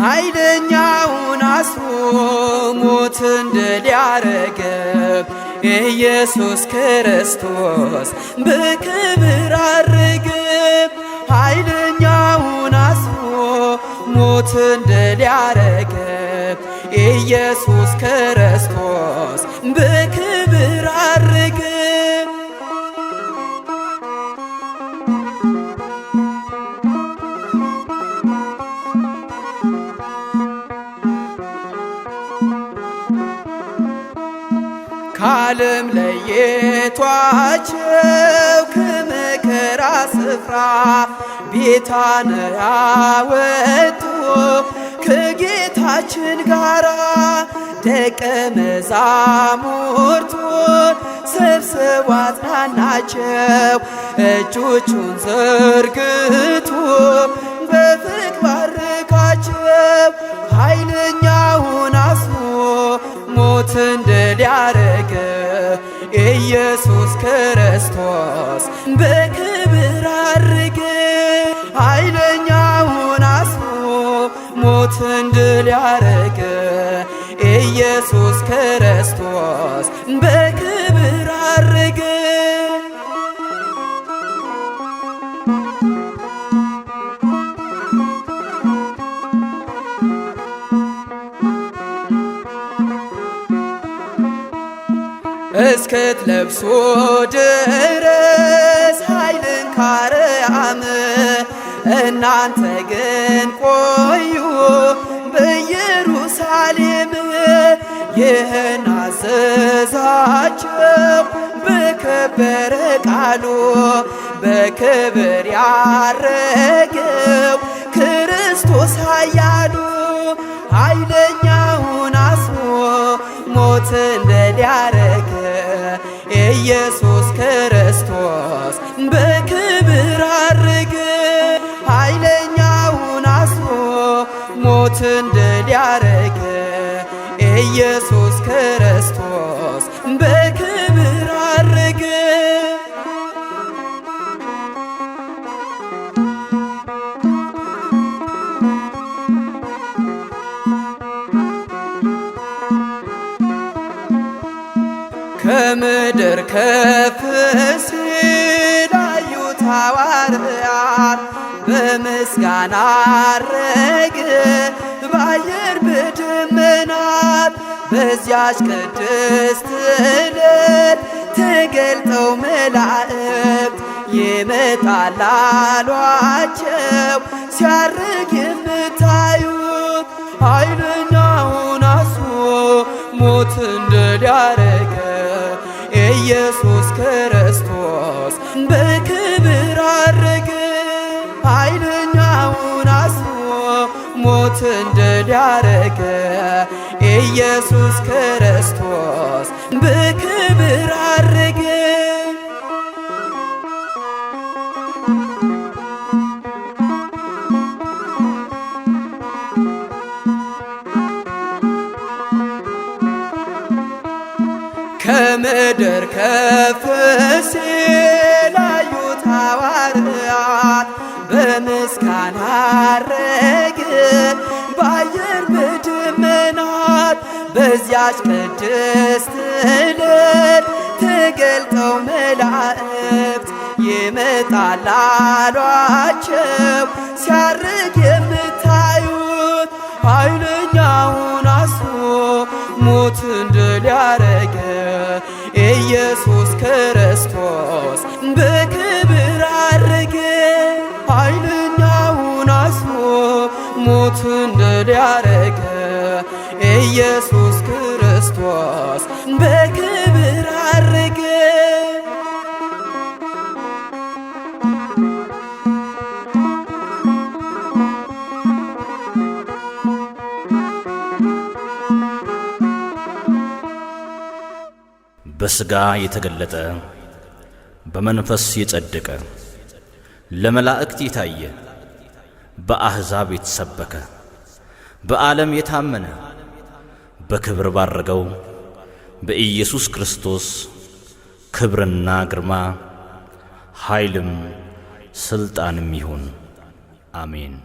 ኃይለኛውን አስሮ ሞትን ድል ኢየሱስ ክርስቶስ በክብር አረገብ ኃይለኛውን አስፎ ሞትን ድል ያረገብ ኢየሱስ ክርስቶስ በክብር አረገብ ካለም ለየቷቸው ከመከራ ስፍራ ቢታንያ ወጡ ከጌታችን ጋራ ደቀ መዛሙርቱ ሰብስባ አጽናናቸው እጆቹን ዘርግቱ። ድል ኢየሱስ ክርስቶስ በክብር አረገ። ኃይለኛውን አስሮ ሞትን ድል ያረገ ኢየሱስ ክርስቶስ በክብር እስክትለብሶ ድረስ ኃይልን ካረአም እናንተ ግን ቆዩ በኢየሩሳሌም ይህን አዘዛቸው በከበረ ቃሉ በክብር ያረገው ክርስቶስ ኃያሉ ኃይለ ኢየሱስ ክርስቶስ በክብር አርግ ኃይለኛውን አስሮ ሞትን ድል ያረገ ኢየሱስ ክርስቶስ ከምድር ከፍ ሲል አዩት ሐዋርያት በምስጋና አረገ በአየር በደመናት በዚያች ቅድስት ዕለት ተገልጠው መላእክት ይመጣል አሏቸው ሲያርግ የምታ ኢየሱስ ክርስቶስ በክብር አረገ ኃይለኛውን አስቦ ሞትን ድል ያረገ ኢየሱስ ክርስቶስ በክብር አረገ ከምድር ከፍ ሲል አዩት ሐዋርያት በምስጋና አረግን በአየር በደመናት በዚያች ቅድስት ዕለት ተገልጠው መላእክት ይመጣል ሲያርግ የምታዩት አይነ ኢየሱስ ክርስቶስ በክብር አረገ። በሥጋ የተገለጠ በመንፈስ የጸደቀ ለመላእክት የታየ በአሕዛብ የተሰበከ በዓለም የታመነ በክብር ባረገው በኢየሱስ ክርስቶስ ክብርና ግርማ ኃይልም ሥልጣንም ይሁን፣ አሜን።